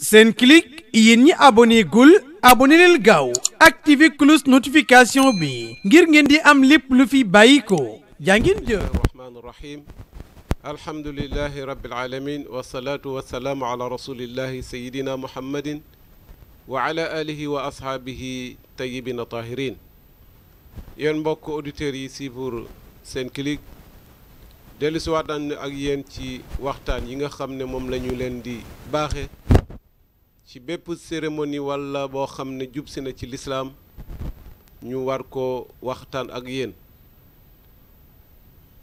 Senclic yéen ñi abonné gul abonné leen gaaw activé cloche notification bi ngir ngeen di am lépp lu fi bàyyi ko jàngin jë rahmaani rahim alhamdulilahi rabbil alamin wasalaatu wasalaamu ala rasulillahi sayidina muhammadin wa ala alihi wa ashaabihi tayyibina tahirin yéen mbokk auditeurs yi suivre Senclic dellusiwaat nañ ak yéen ci waxtaan yi nga xam ne moom la ñu leen di baaxe ci bépp seremoni walla boo xam ne jub si na ci lislaam ñu war ko waxtaan ak yéen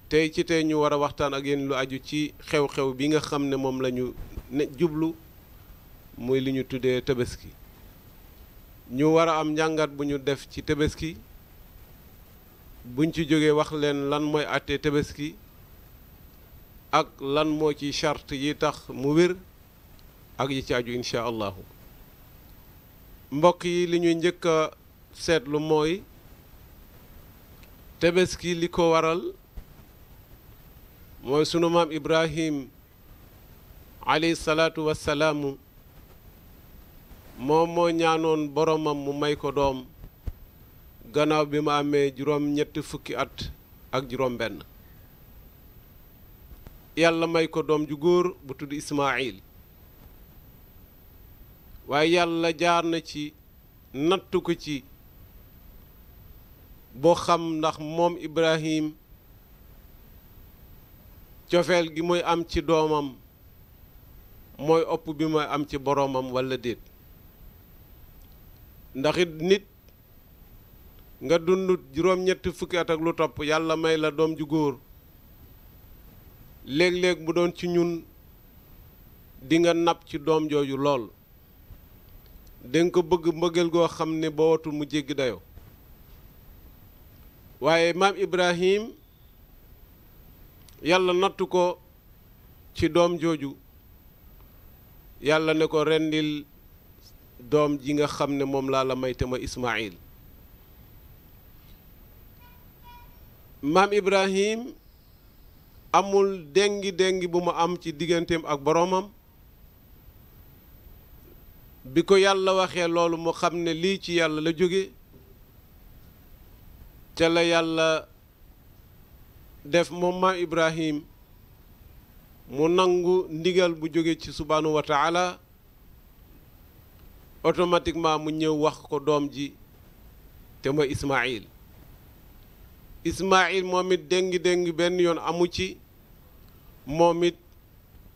tey ci tey ñu war a waxtaan ak yéen lu aju ci xew-xew bi nga xam ne moom lañu ñu ne jublu muy li ñu tuddee tabaski ñu war a am njàngat bu ñu def ci tabaski buñ ci jógee wax leen lan mooy àttee tabaski ak lan moo ci charte yi tax mu wér ak yi ci aju mbokk yi li ñuy njëkk a seetlu mooy tebes tabaski li ko waral mooy sunu maam Ibrahim alayhi salaatu wassalaamu moom mooy ñaanoon boromam mu may ko doom gannaaw bi mu amee juróom ñetti fukki at ak juróom benn yàlla may ko doom ju góor bu tudd Ismaayil waaye yàlla jaar na ci nattu ko ci boo xam ndax moom Ibrahim cofeel gi mooy am ci doomam mooy ëpp bi muy am ci boroomam walla déet ndaxit nit nga dund juróom-ñetti fukki at ak lu topp yàlla may la doom ju góor léeg-léeg bu doon ci ñun dinga napp ci doom jooju lool da ko bëgg mbëggeel goo xam ne boo watul mu jéggi dayoo waaye maam Ibrahim yàlla nattu ko ci doom jooju yàlla ne ko rendil doom ji nga xam ne moom laa la may te ma Ismaayil maam Ibrahim amul déngi déngi bu ma am ci digganteem ak boroomam bi ko yàlla waxee loolu mu xam ne lii ci yàlla la jóge ca la yàlla def moom maam Ibrahim mu nangu ndigal bu jóge ci subhaanahu wa taala automatiquement mu ñëw wax ko doom ji te mooy Ismaayil Ismaayil moom it déngi-déngi benn yoon amu ci moom it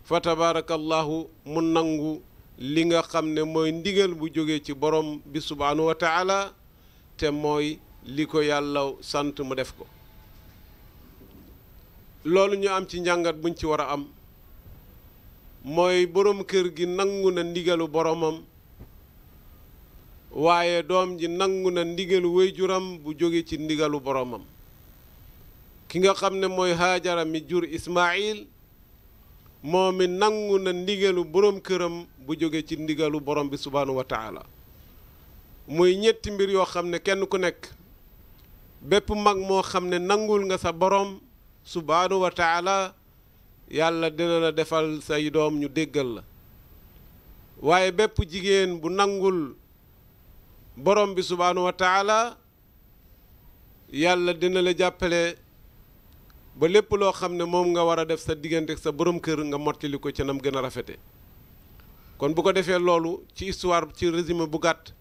fa tabaarakallahu mu nangu li nga xam ne mooy ndigal bu jógee ci boroom bi subhaanahu wa taala te mooy li ko yàlla sant mu def ko loolu ñu am ci njàngat buñ ci war a am mooy boroom kër gi nangu na ndigalu boromam waaye doom ji nangu na ndigalu wéyjuram bu jóge ci ndigalu boroomam ki nga xam ne mooy haajara mi jur Ismaayil moom mi nangu na ndigalu boroom këram bu jóge ci ndigalu borom bi subhaanahu wa taala muy ñetti mbir yoo xam ne kenn ku nekk bépp mag moo xam ne nangul nga sa borom subhaanahu wa yàlla dina la defal say doom ñu déggal la waaye bépp jigéen bu nangul borom bi subhaanahu wa yàlla dina la jàppale ba lépp loo xam ne moom nga war a def sa diggante sa boroom kër nga mottali ko ca nam gën a rafete kon bu ko defee loolu ci histoire ci résumé bu gàtt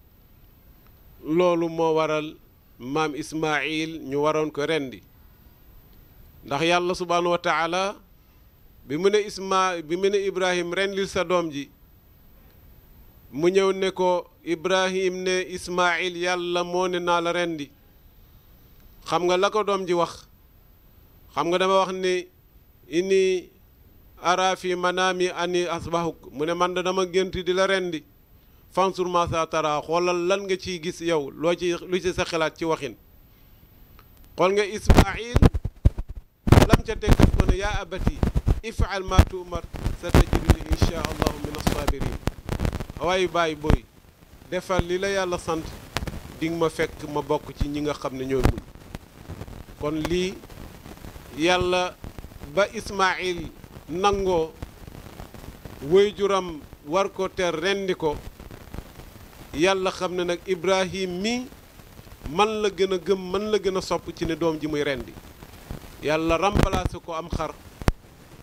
loolu moo waral maam Ismaayil ñu waroon ko rendi ndax yàlla subhaanahu wa bi mu ne Isma bi mu ne Ibrahim rendil sa doom ji mu ñëw ne ko Ibrahim ne Ismaayil yàlla moo ne naa la rendi xam nga la ko doom ji wax xam nga dama wax ni inni ara manaami ani asbahuk mu ne man dama gént di la rendi fansur ma sa tara xoolal lan nga ci gis yow loo ci lu ci sa xalaat ci waxin xool nga ismail lam ca teg daf ko ne yaa abati ifaal ma sa tajiduni inchaa allahu min assabirin waaye baay booy defal li la yàlla sant di nga ma fekk ma bokk ci ñi nga xam ne ñooy muñ kon lii yàlla ba Ismaayil nangoo wayjuram war ko ter rendi ko yàlla xam ne nag Ibrahim mi man la gën a gëm man la gën a sopp ci ne doom ji muy rendi yàlla remplacé ko am xar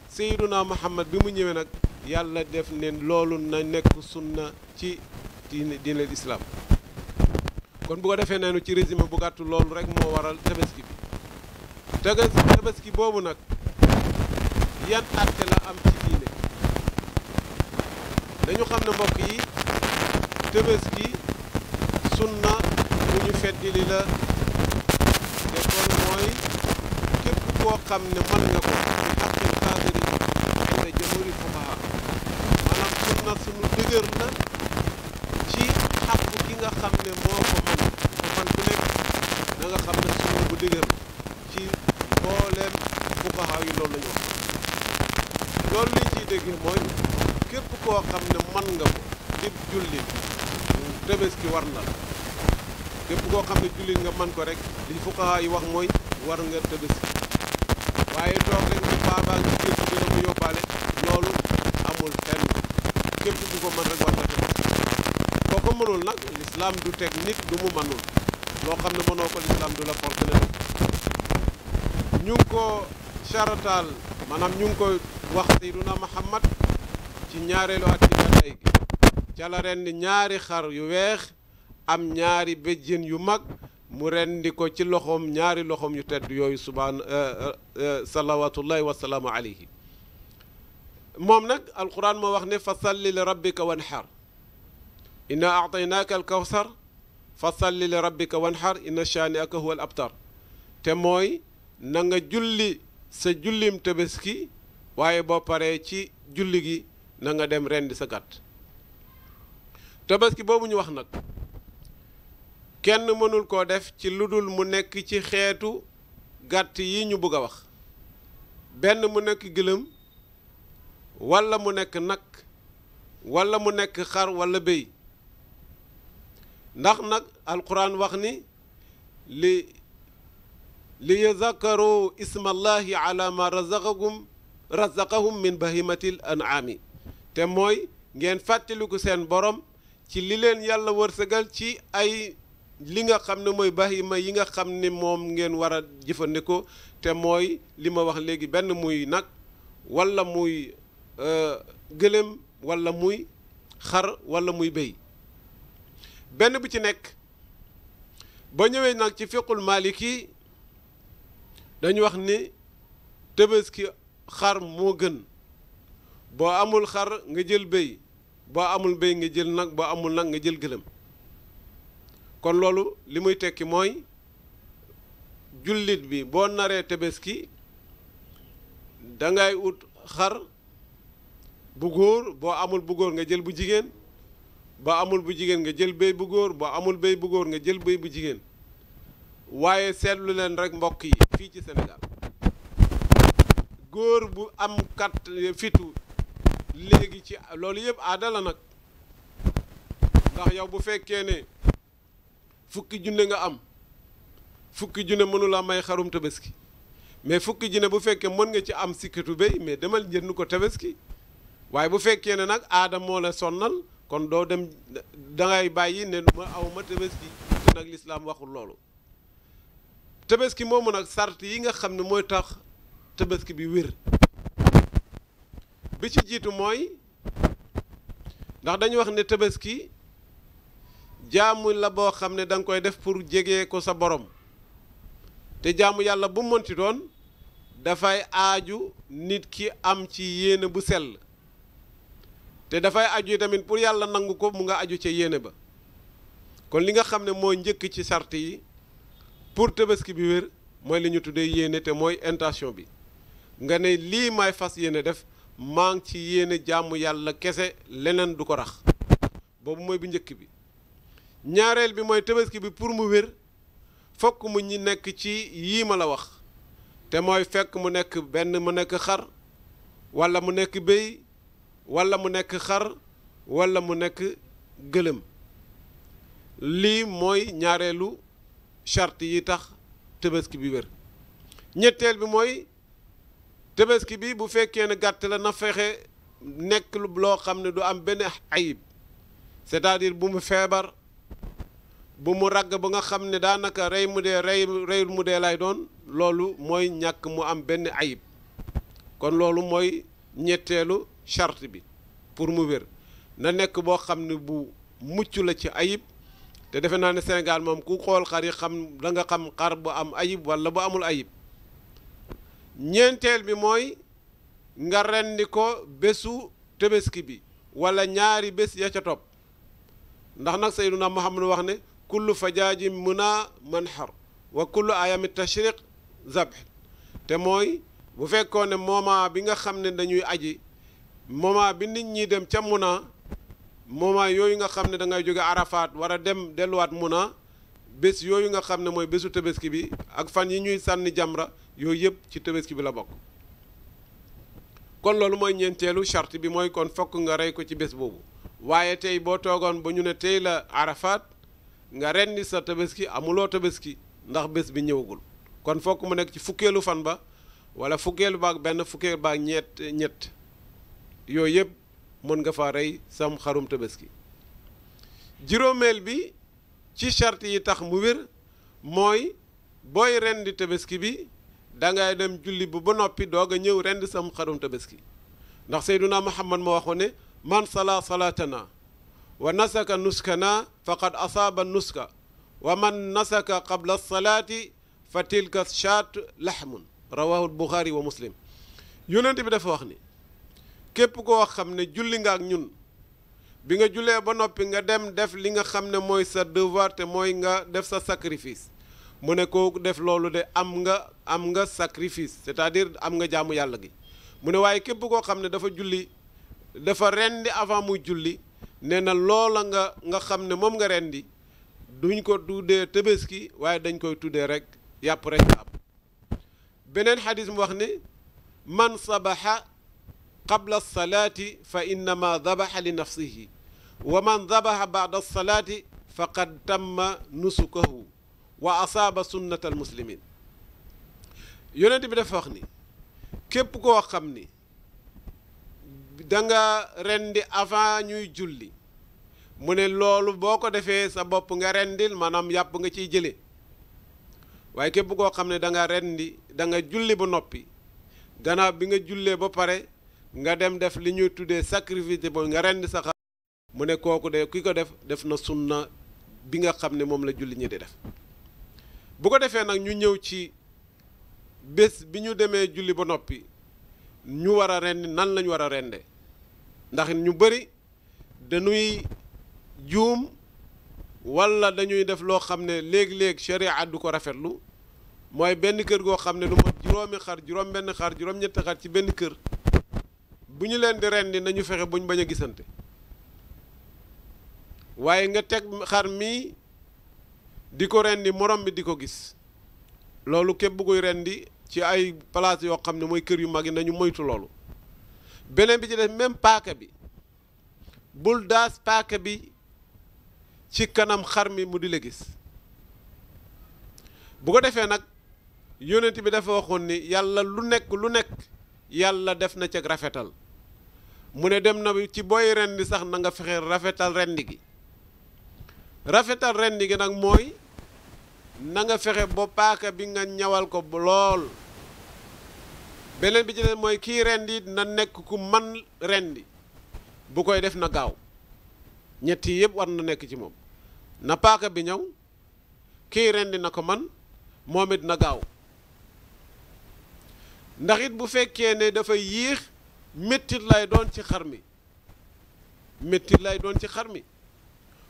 Seyduna Muhammad bi mu ñëwee nag yàlla def ne loolu na nekk sunna ci diine diine lislaam kon bu ko defee neenu ci résumé bu gàtt loolu rek moo waral tabaski bi tabaski tabaski boobu nag yan àtte la am ci diine dañu xam ne mbokk yi tabaski sunna bu ñu feddili la te kon mooy képp koo xam ne mën nga ko akil xaadiri ina jamhuri fuqaha maanaam sunna suñu dëgër la ci xaq ki nga xam ne moo ko mën ko man ku nekk da xam ne sunna bu dëgër ci yi loolu la ñu wax loolu liñ ciy dégg mooy képp koo xam ne man nga ko di jullit tabaski war na la képp koo xam ne jullit nga man ko rek li fuqaha yi wax mooy war nga tabaski waaye toog rek ni baabaa ngi génn dina mu yóbbaale loolu amul fenn képp ku ko mënul nag l'islam du teg nit du mu mënul loo xam ne mënoo ko l'islam du la forcer ñu ko saratal maanaam ñu ngi ko wax Seyduna ca la rendi ñaari xar yu weex am ñaari béjjén yu mag mu rendi ko ci loxoom ñaari loxoom yu tedd yooyu subhaan eh, eh, eh, salawatullahi wasalaamu alayhi moom nag alquran moo wax ne fa salli li rabbika wanhar inna ataynaaka alkawsar fa salli li rabbika wanhar inna shaani aka huwa al abtar te mooy na julli sa jullim tabaski waaye boo paree ci julli gi nanga nga dem rendi sa gàtt tabaski boobu ñu wax nag kenn mënul koo def ci lu dul mu nekk ci xeetu gàtt yi ñu bëgg a wax benn mu nekk gëlëm walla mu nekk nag walla mu nekk xar walla béy ndax nag alxuraan wax ni li li yazakkaru ismallahi ala ma razaqakum razaqahum min bahimatil an'ami te mooy ngeen fàttaliku seen boroom ci li leen yàlla wërsëgal ci ay li nga xam ne mooy bahima yi nga xam ne moom ngeen war jëfandikoo te mooy li ma wax léegi benn muy nag walla muy euh, gëléem walla muy xar wala muy béy benn bu ci nekk ba ñëwee nag ci fiqul maliki dañu wax ni tabaski xar moo gën boo amul xar nga jël béy boo amul béy nga jël nag boo amul nag nga jël gëlëm kon loolu li muy tekki mooy jullit bi boo naree tabaski dangay wut xar bu góor boo amul bu góor nga jël bu jigéen boo amul bu jigéen nga jël béy bu góor boo amul béy bu góor nga jël béy bu jigéen waaye seetlu leen rek mbokk yi fii ci Sénégal góor bu am kat fitu léegi ci loolu yëpp aadala la nag ndax yow bu fekkee ne fukki junne nga am fukki junne mënula may xarum tabaski mais fukki junne bu fekkee mën nga ci am sikkitu béy mais demal jënd ko tabaski waaye bu fekkee ne nag aada moo la sonnal kon doo dem dangay bàyyi ne ma aw ma tabaski te nag lislaam waxul loolu tabaski moomu nag sart yi nga xam ne mooy tax tabaski bi wér bi ci jiitu mooy ndax dañu wax ne tabaski jaamu la boo xam ne danga koy def pour jege ko sa borom te jaamu yàlla bu mënti doon dafay aaju nit ki am ci yéene bu sell te dafay aju yi tamit pour yàlla nangu ko mu nga aju ca yéene ba kon li nga xam ne moo njëkk ci sart yi pour tabaski bi wér mooy li ñu tuddee yéene te mooy intation bi nga ne lii may fas yéene def maa ci yéene jàmm yàlla kese leneen du ko rax boobu mooy bu njëkk bi ñaareel bi mooy tabaski bi pour mu wér fokk mu ñi nekk ci yii ma la wax te mooy fekk mu nekk benn mu nekk xar walla mu nekk béy walla mu nekk xar walla mu nekk gëlëm lii mooy ñaareelu charte yi tax tabaski bi wér ñetteel bi mooy tabaski bi bu fekkee ne gàtt la na fexe nekk loo xam ne du am benn ayib c'est-à-dire bu mu feebar bu mu ragg ba nga xam ne daanaka rey mu dee reyul mu dee lay doon loolu mooy ñàkk mu am benn ayib kon loolu mooy ñetteelu chart bi pour mu wér na nekk boo xam ne bu mucc la ci ayib te defe naa ne Sénégal moom ku xool xar xam da nga xam xar bu am ayib wala bu amul ayib ñeenteel bi mooy nga rendi ko bésu tëbéski bi wala ñaari bés ya ca topp ndax nag sayyiduna Muhammad wax ne kullu fajaajin muna manhar wa kullu ayami tashriq zabh te mooy bu fekkoon ne moment bi nga xam ne dañuy aji moment bi nit ñi dem ca muna moment yooyu nga xam ne da ngay jóge Arafat wara dem delluwaat mu Muna bés yooyu nga xam ne mooy bésu tabaski bi ak fan yi ñuy sànni jamra yooyu yëpp ci tabaski bi la bokk kon loolu mooy ñeenteelu charte bi mooy kon fokk nga rey ko ci bés boobu waaye tey boo toogoon ba ñu ne tey la Arafat nga rendi sa tabaski amuloo tabaski ndax bés bi ñëwagul kon fokk mu nekk ci fukkeelu fan ba wala fukkeelu baak benn fukkeelu baak ñett ñett yooyu yëpp mën nga faa rey sam xarum tabaski juróomeel bi ci charte yi tax mu wér mooy booy rendi tabaski bi dangay dem julli bu ba noppi doog a ñëw rend sam xarum tabaski ndax seyduna muhammad moo waxoon ne man sala salaatana wa nasaka nuskana faqad asaaba nuska wa man nasaka qabla salaati fa tilka shaat laxmun rawahu buxaari wa muslim yonent bi dafa wax ni képp koo xam ne julli nga ak ñun bi nga julee ba noppi nga dem def li nga xam ne mooy sa devoir te mooy nga def sa sacrifice mu ne kooku def loolu de am nga am nga sacrifice c'est-à-dire am nga jàmm yàlla gi mu ne waaye képp koo xam ne dafa julli dafa rendi avant muy julli nee na loola nga nga xam ne moom nga rendi duñ ko tuddee tëbéski waaye dañ koy tuddee rek yàpp rek am beneen xadis mu wax ne man sabaxa qabla salaati fa innama dabaxa li nafsihi wa man dabaxa baada salaati faqad tamma nusukahu wa asaaba sunnata almuslimin yonent bi dafa wax ni képp koo xam ni danga nga rendi avant ñuy julli mu ne loolu boo ko defee sa bopp nga rendil maanaam yàpp nga ciy jële waaye képp koo xam ne da nga rendi da julli ba noppi gannaaw bi nga jullee ba pare nga dem def li ñuy tuddee sacrifice boobu nga rend sa xar mu ne kooku de ki ko def def na sunna bi nga xam ne moom la julli ñi di def bu ko defee nag ñu ñëw ci bés bi ñu demee julli ba noppi ñu war a rendi nan lañu war a rende ndax ñu bëri dañuy juum wala dañuy def loo xam ne léegi-léegi sharia du ko rafetlu mooy benn kër goo xam ne lu ma juróomi xar juróom benn xar juróom-ñetti xar ci benn kër bu ñu leen di rendi nañu fexe buñ bañ a gisante waaye nga teg xar mi di ko rendi morom bi di ko gis loolu képp bu koy rendi ci ay place yoo xam ne mooy kër yu mag yi nañu moytu loolu beneen bi ci def même paaka bi bul daas paaka bi ci kanam xar mi mu di la gis bu ko defee nag yonent bi dafa waxoon ni yàlla lu nekk lu nekk yàlla def na ca rafetal mu ne dem na ci booy rendi sax na nga fexe rafetal rendi gi rafetal rendi gi nag mooy na nga fexe ba paaka bi nga ñawal ko lool beneen bi ci mooy kii rendi na nekk ku man rendi bu koy def na gaaw ñetti yi war na nekk ci moom na paaka bi ñëw kii rendi na ko man moom it na gaaw ndaxit bu fekkee ne dafay yéex méttit lay doon ci xar mi méttit lay doon ci xar mi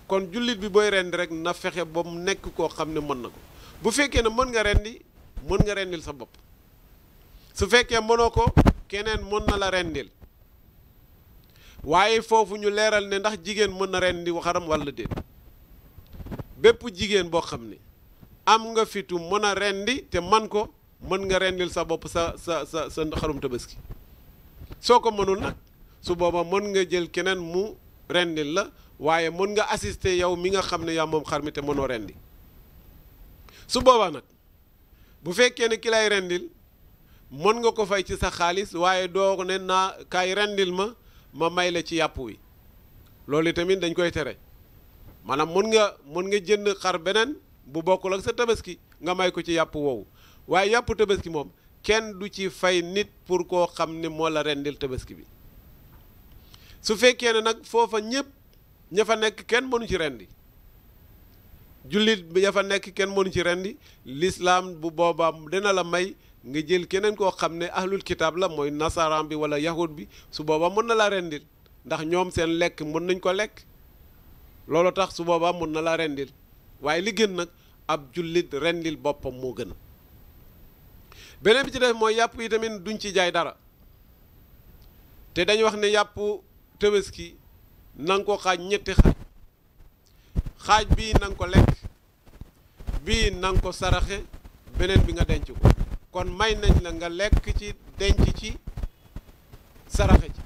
kon jullit bi booy rendi rek na fexe ba mu nekk koo xam ne mën na ko bu fekkee ne mën nga rendi mën nga rendil sa bopp su fekkee mënoo ko keneen mën na la rendil waaye foofu ñu leeral ne ndax jigéen mën na rendi xaram walla déet bépp jigéen boo xam ne am nga fitu mën a rendi te mën ko mën nga rendil sa bopp sa sa sa sa xarum tabaski soo ko mënul nag su booba mën nga jël keneen mu rendil la waaye mën nga assister yow mi nga xam ne yaa moom xar mi te mënoo rendi su boobaa nag bu fekkee ne ki lay rendil mën nga ko fay ci sa xaalis waaye doo ne naa kaay rendil ma ma may la ci yàpp wi loolu tamit dañ koy tere maanaam mën nga mën nga jënd xar beneen bu bokkul ak sa tabaski nga may ko ci yàpp woowu waaye yàpp tabaski moom kenn du ci fay nit pour koo xam ne moo la rendil tabaski bi su fekkee ne nag foofa ñëpp ña fa nekk kenn mënu ci rendi jullit bi ña fa nekk kenn mënu ci rendi lislaam bu boobaa dina la may ngi jël keneen koo xam ne ahlul kitaab la mooy nasaraan bi wala yahud bi su boobaa mën na la rendil ndax ñoom seen lekk mën nañ ko lekk loolu tax su boobaa mën na la rendil waaye li gën nag ab jullit rendil boppam moo gën beneen bi ci def mooy yàpp yi tamit duñ ci jaay dara te dañ wax ne yàpp tëbaski na ko xaaj ñetti xaaj xaaj bii na ko lekk bii na nga ko saraxe beneen bi nga denc ko kon may nañ la nga lekk ci denc ci saraxe ci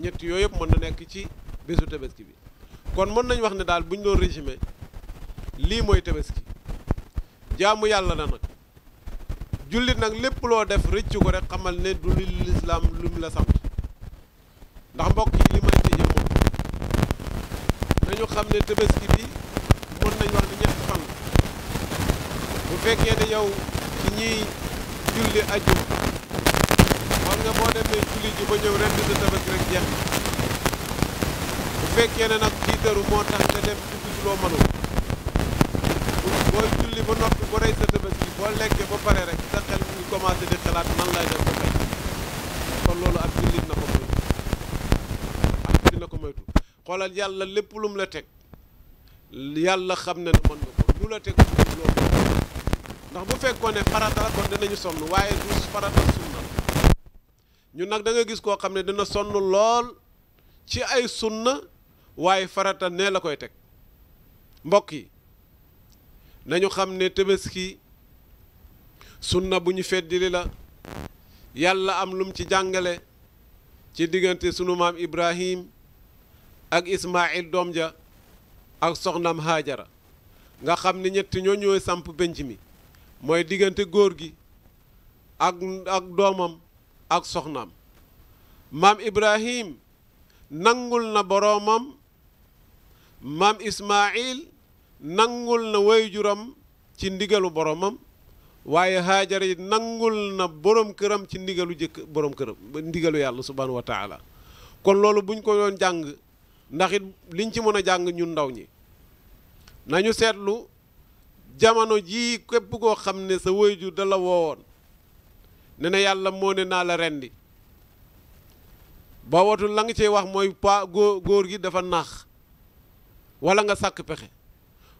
ñett yooyu yëpp mën na nekk ci bésu tebeski bi kon mën nañu wax ne daal bu ñu doon résumé lii mooy tabaski jaamu yàlla la nag jullit nag lépp loo def rëcc ko rek xamal ne du li lislaam lu mu la sant ndax mbokk yi li man ci jëmoon nañu xam ne tabaski bi mën nañu wax ne ñetti fan bu fekkee ne yow ci ñiy julli aju war nga boo demee julli ji ba ñëw rend sa tabaski rek jeex bu fekkee ne nag tiitaru moo tax nga dem dugg ci loo mënul julli ba pare rek sa xel ñu ko moytu xoolal yàlla lépp lu teg yàlla xam ne ne mën ndax bu fekkoon ne farata la kon sonn waaye du farata sunna ñun nag danga gis koo xam ne dina sonn lool ci ay sunna waaye farata nee la koy teg mbokk yi nañu xam ne tabaski sunna bu ñu feddili la yàlla am lum ci jàngale ci diggante sunu maam Ibrahim ak Ismaayil doom ja ak soxnaam Haajara nga xam ne ñett ñoo ñooy samp benc mi mooy diggante góor gi ak ak doomam ak soxnaam maam Ibrahim nangul na boroomam maam Ismaayil nangul na waajuram ci ndigalu boroomam waaye Haajar nangul na boroom këram ci ndigalu jëkk borom këram ndigalu yàlla subhaanahu wa taala kon loolu buñ ko yoon jàng ndaxit liñ ci mën a jàng ñun ndaw ñi nañu seetlu jamono jii képp koo xam ne sa waajur da la woowoon ne na yàlla moo ne naa la rendi ba watul la nga cee wax mooy pa góor gi dafa naax wala nga sàkk pexe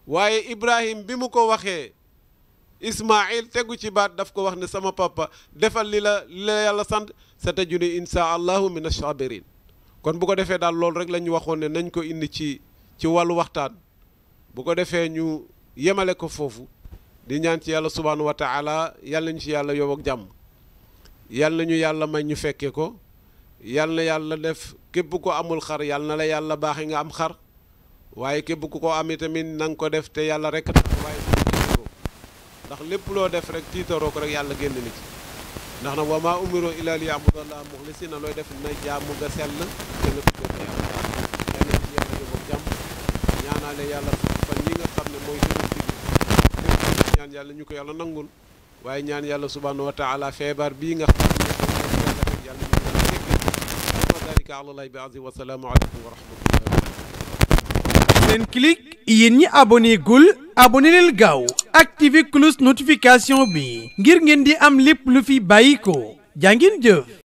waaye Ibrahim bi mu ko waxee Ismaayil tegu ci baat daf ko wax ne sama papa defal li la li la yàlla sant sa tajuni insha allahu min asabirin kon bu ko defee daal loolu rek la ñu waxoon ne nañ ko indi ci ci wàllu waxtaan bu ko defee ñu yemale ko foofu di ñaan ci yàlla subhaanahu wa taala yàlla ñu ci yàlla yow ak jàmm yàlla ñu yàlla may ñu fekkee ko yàlla na yàlla def képp ko amul xar yàlla na la yàlla baaxe nga am xar waaye képp ku ko am itamit na nga ko def te yàlla rek tax waaye ndax lépp loo def rek tiitaroo ko rek yàlla génn na ci ndax nag wa maa umiru illaa liya'budullaha muxlisina looy def na jaamu nga sell te nga tuddee ko yàlla yàlla ci yàlla yóbbu jàmm ñaanaale yàlla fan yi nga xam ne mooy suñu digg lépp ñaan yàlla ñu ko yàlla nangul waaye ñaan yàlla subhanahu wa taala feebar bii nga xam ne yàlla ñu yàlla jéggee wa dalika ala allahi bi aziz wa salaamu aleykum wa rahmatullah Senclic yéen ñi abonné gul abonné leen gaaw activé cloche notification bi ngir ngeen di am lépp lu fi bàyyi ko jaa ngeen jëf